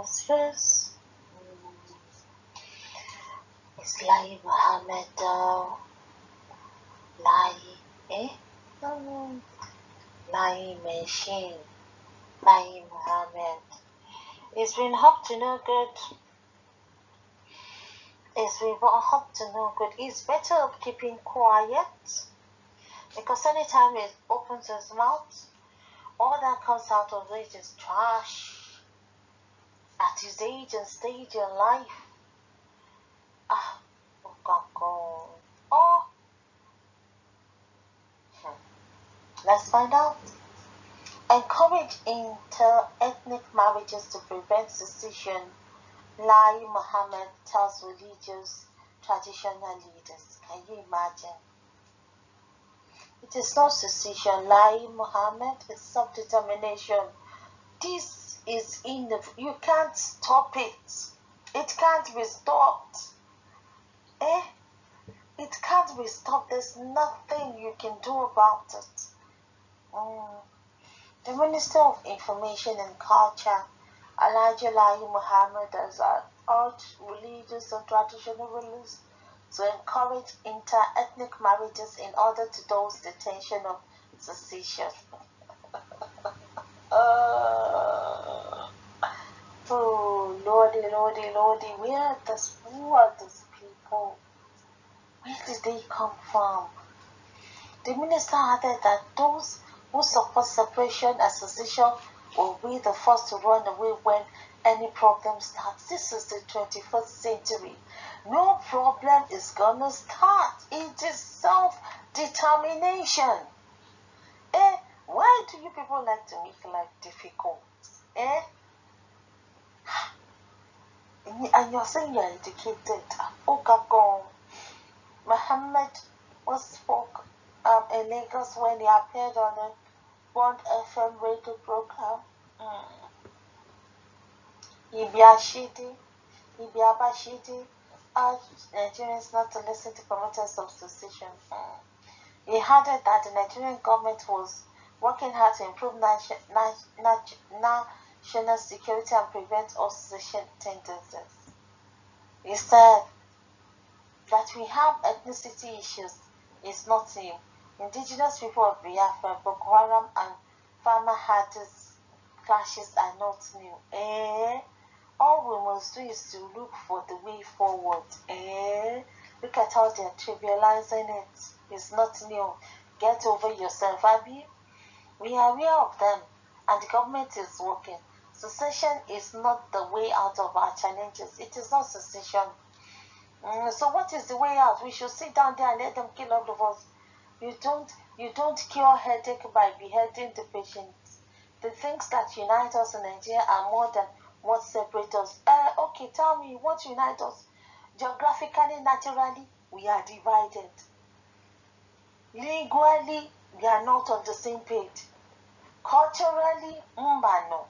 It's like Mohammed like uh, eh um, like machine like Mohammed. It's been hope to no good. It's been hope to no good. It's better of keeping quiet because anytime it opens his mouth, all that comes out of it is trash at his age and stage in life. Ah, oh God. Oh. Let's find out. Encourage inter-ethnic marriages to prevent secession, Lai Muhammad tells religious traditional leaders. Can you imagine? It is not secession, Lai Muhammad, it's self-determination. This is in the you can't stop it it can't be stopped eh it can't be stopped there's nothing you can do about it mm. the minister of information and culture Elijah Lahi Muhammad has urged religious and traditional rulers to encourage inter-ethnic marriages in order to dose the tension of secession. uh, Oh, Lordy, Lordy, Lordy, where does who are those people? Where did they come from? The minister added that those who support separation association will be the first to run away when any problem starts. This is the 21st century. No problem is gonna start. It is self-determination. Eh? Why do you people like to make life difficult? Eh? and you're saying you're educated. Okay, Muhammad was spoke um, in Lagos when he appeared on a Bond FM radio program. Mm. Ibiashidi, Ibiabashidi urged ah, Nigerians not to listen to promoters of secession. Mm. He added that the Nigerian government was working hard to improve national national security and prevent such tendencies. He said that we have ethnicity issues is not new. Indigenous people of Biafra, Boko Haram, and farmer hardest clashes are not new. Eh? All we must do is to look for the way forward. Eh? Look at how they're trivializing it. It's not new. Get over yourself, Abby. We are aware of them, and the government is working. Secession is not the way out of our challenges. It is not secession. Mm, so what is the way out? We should sit down there and let them kill all of us. You don't you don't cure headache by beheading the patient. The things that unite us in Nigeria are more than what separates us. Uh, okay, tell me what unites us. Geographically, naturally, we are divided. Lingually, we are not on the same page. Culturally, mbano. Mm, no.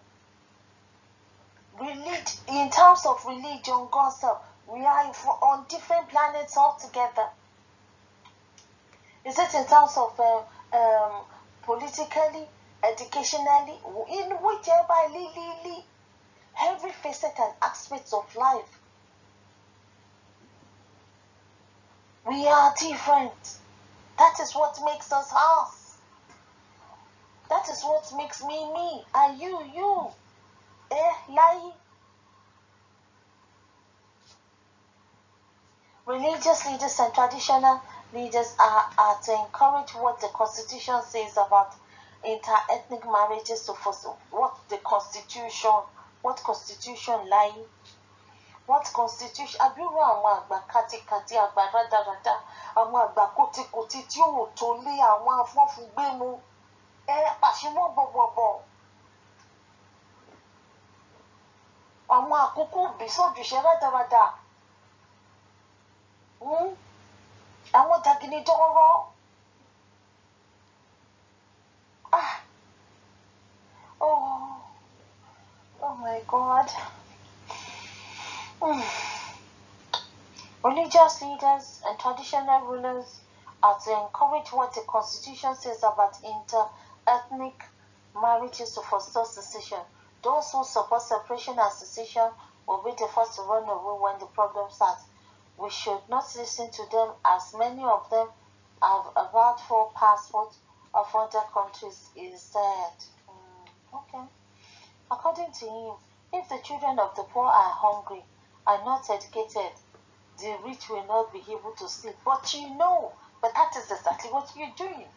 Relig in terms of religion, gossip, we are on different planets altogether. Is it in terms of uh, um, politically, educationally, in whichever li, every facet and aspects of life? We are different. That is what makes us us. That is what makes me me and you you. their life religious leaders and traditional leaders are, are to encourage what the constitution says about inter-ethnic marriages to force what the constitution what constitution lie, what constitution abirú àwọn àgbà kátikàti àgbà rádaràda àwọn àgbà kòtìkòtì tí ò tó lé àwọn afọ́fúngbẹ́mu ẹ pàṣẹ mọ́ bọ̀bọ̀bọ̀. ọmọ àkókò hmm? àwọn tọrọ ah oh oh my god mm. religious leaders and traditional rulers are to encourage what the constitution says about inter-ethnic marriages to foster secession. Those who support separation and secession will be the first to run away when the problem starts. We should not listen to them as many of them have about four passports of other countries instead. Mm, okay. According to him, if the children of the poor are hungry, and not educated, the rich will not be able to sleep. But you know, but that is exactly what you're doing.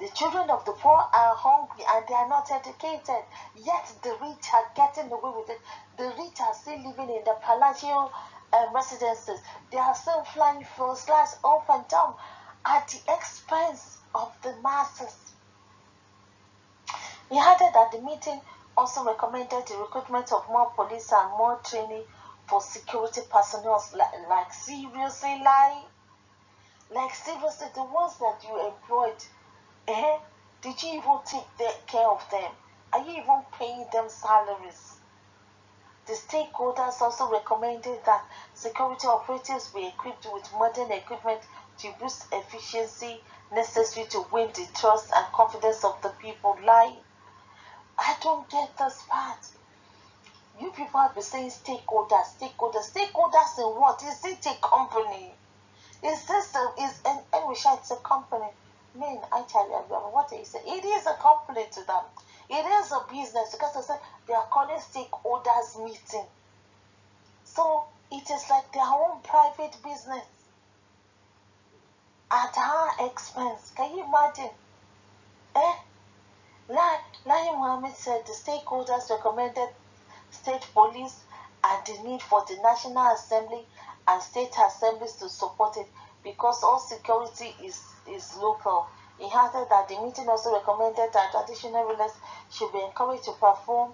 The children of the poor are hungry and they are not educated. Yet the rich are getting away with it. The rich are still living in the palatial um, residences. They are still flying for slides up and down at the expense of the masses. He added that the meeting also recommended the recruitment of more police and more training for security personnel. Like, like seriously, like, like seriously, the ones that you employed Eh? Did you even take care of them? Are you even paying them salaries? The stakeholders also recommended that security operatives be equipped with modern equipment to boost efficiency necessary to win the trust and confidence of the people. Like, I don't get this part. You people have been saying stakeholders, stakeholders, stakeholders in what? Is it a company? Is this a, is an English? It's a company. I you what what is it? It is a company to them. It is a business because they they are calling stakeholders meeting. So it is like their own private business at our expense. Can you imagine? Eh? Like, like Mohammed said, the stakeholders recommended state police and the need for the National Assembly and state assemblies to support it because all security is is local. He added that the meeting also recommended that traditional rulers should be encouraged to perform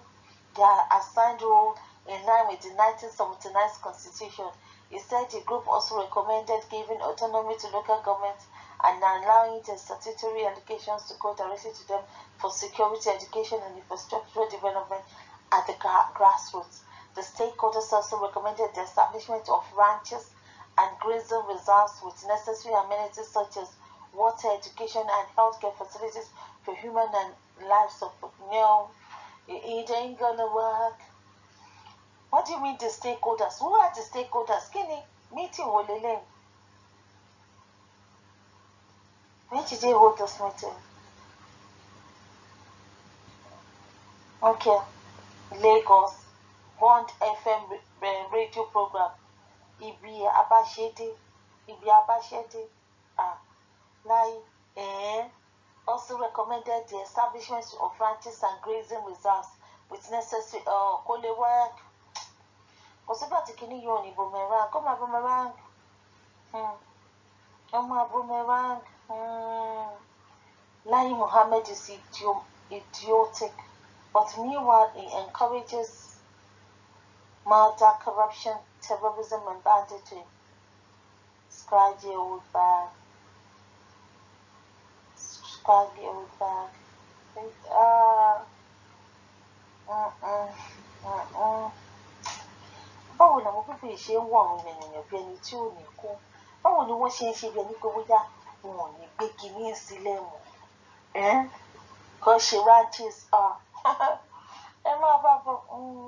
their assigned role in line with the 1979 constitution. He said the group also recommended giving autonomy to local governments and allowing the statutory allocations to go directly to them for security, education, and infrastructural development at the grassroots. The stakeholders also recommended the establishment of ranches and grazing reserves with necessary amenities such as water, education, and healthcare facilities for human and livestock. No, it ain't gonna work. What do you mean the stakeholders? Who are the stakeholders? you meeting Wolele. Where did they hold this meeting? Okay, Lagos, Bond FM radio program. Ibi Abashede, Ibi Abashede. Ah. Lai eh, also recommended the establishment of ranches and grazing reserves with necessary uh, Kolewa. kò sígbà tí kìíní yóò ní boomerang kó máa boomerang ó máa boomerang hmm. hmm. Lai Mohammed is idiotic but meanwhile he encourages murder corruption terrorism and banditry. Scribe old bag. Tage oder denk, ah, báwo làwọn pípé ṣe ń wọ àwọn ènìyàn bí ẹni tí ò ní kú báwo ni wọ́n ṣe ń ṣe bí ẹni pé bóyá wọn ò ní gbé kinní sílẹ̀ mọ́ kan ṣe ranches ẹ máa bá bọ̀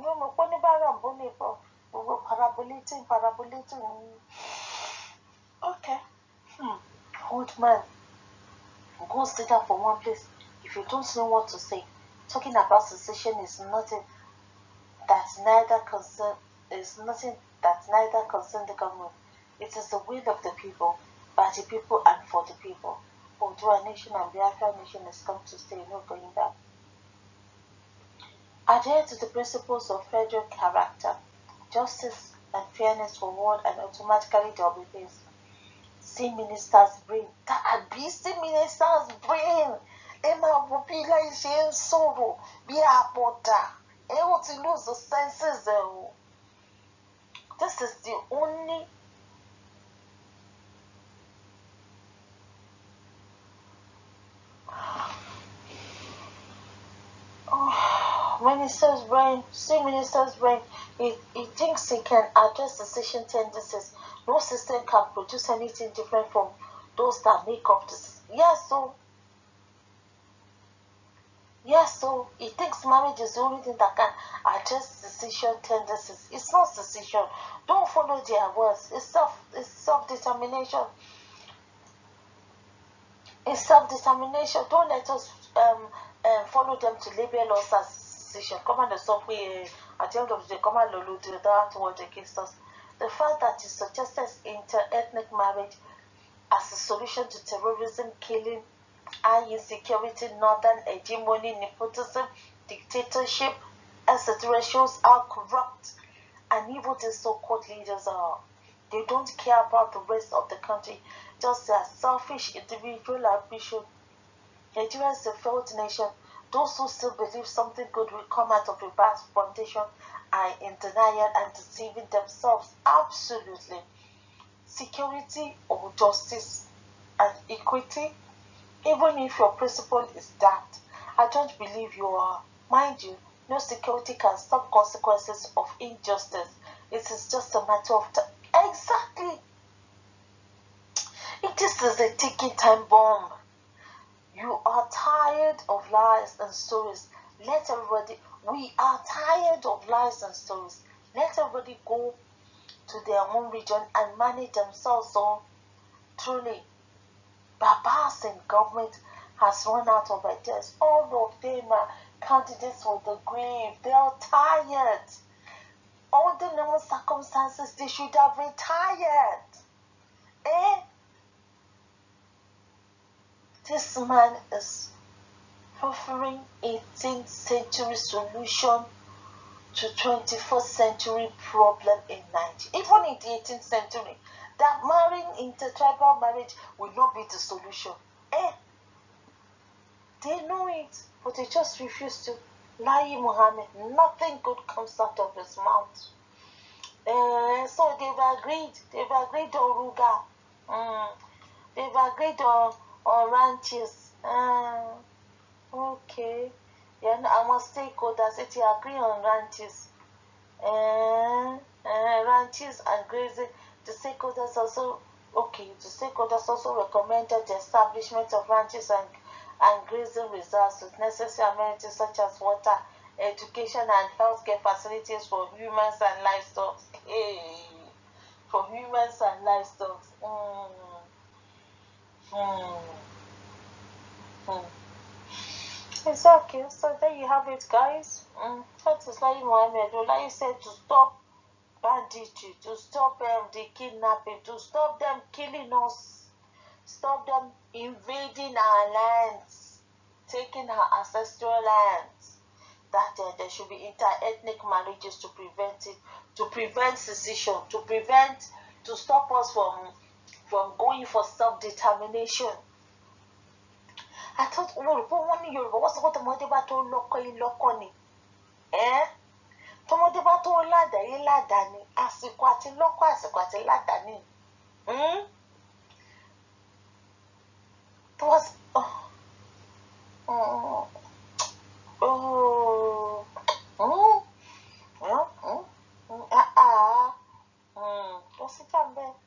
yóò mm, mọ̀ pé oníbàárà bó lè bọ̀ gbogbo parabolating parabolating mm. ok hmm. old man. Go sit down for one place. If you don't know what to say, talking about secession is nothing that's neither concern is nothing that neither concern the government. It is the will of the people, by the people and for the people. Although a nation and the African nation has come to stay, no going back. Adhere to the principles of federal character, justice and fairness for and automatically there will be peace ministers' brain. That abusing ministers' brain. Emma máa is bí láì ṣe ń sọ̀rọ̀ bí àbọ̀dà. to lose the senses This is the only minister's brain, see minister's brain, he, he thinks he can address decision tendencies no system can produce anything different from those that make up this. Yes, so yes, so he thinks marriage is the only thing that can address decision tendencies. It's not decision. Don't follow their words. It's self it's self determination. It's self determination. Don't let us um, um follow them to label us as decision. Come on, the software. Eh, at the end of the day, come on, Lulu, do that word against us. The fact that he suggested inter-ethnic marriage as a solution to terrorism, killing, and insecurity, northern hegemony, nepotism, dictatorship, etc. shows how corrupt and evil these so-called leaders are. They don't care about the rest of the country, just their selfish individual ambition. Nigeria is a failed nation. Those who still believe something good will come out of a vast foundation are in denial and deceiving themselves absolutely. Security or justice and equity, even if your principle is that, I don't believe you are. Mind you, no security can stop consequences of injustice. It is just a matter of time. Exactly. It is a ticking time bomb. You are tired of lies and stories. Let everybody we are tired of lies and stories. Let everybody go to their own region and manage themselves So, oh. Truly, Babas and government has run out of ideas. All of them are candidates for the grave. They are tired. Under normal circumstances, they should have retired. Eh? This man is offering 18th century solution to 21st century problem in Nigeria. Even in the 18th century, that marrying intertribal marriage will not be the solution. Eh? They know it, but they just refuse to. Lai Muhammad, nothing good comes out of his mouth. Uh, so they've agreed. They've agreed on Ruga. Mm. They've agreed on, on ranches. Uh, Okay. I must take stakeholders it agree on ranches. Uh, uh, ranches and grazing. The stakeholders also okay. The stakeholders also recommended the establishment of ranches and and grazing reserves with necessary amenities such as water, education, and healthcare facilities for humans and livestock. Hey, for humans and livestock. Mm. Mm. Mm. Exactly. So there you have it, guys. Um, mm. that is like Mohammed. Like you said, to stop banditry, to stop um, the kidnapping, to stop them killing us, stop them invading our lands, taking our ancestral lands. That uh, there should be inter-ethnic marriages to prevent it, to prevent secession, to prevent, to stop us from from going for self-determination àtọ́tù olórí pé wọ́n ní yorùbá wọ́n sọ pé tọmọdé bá tó lọ́kọ yìí lọ́kọ ni tọmọdé so ládàá yìí ládàá ni àti lọ́kọ àsìkò àti ládàá ni tó ati ni to wa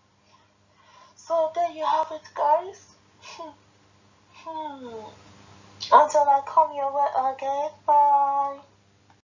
so there you have it guys Hmm. Until I come your way again, bye.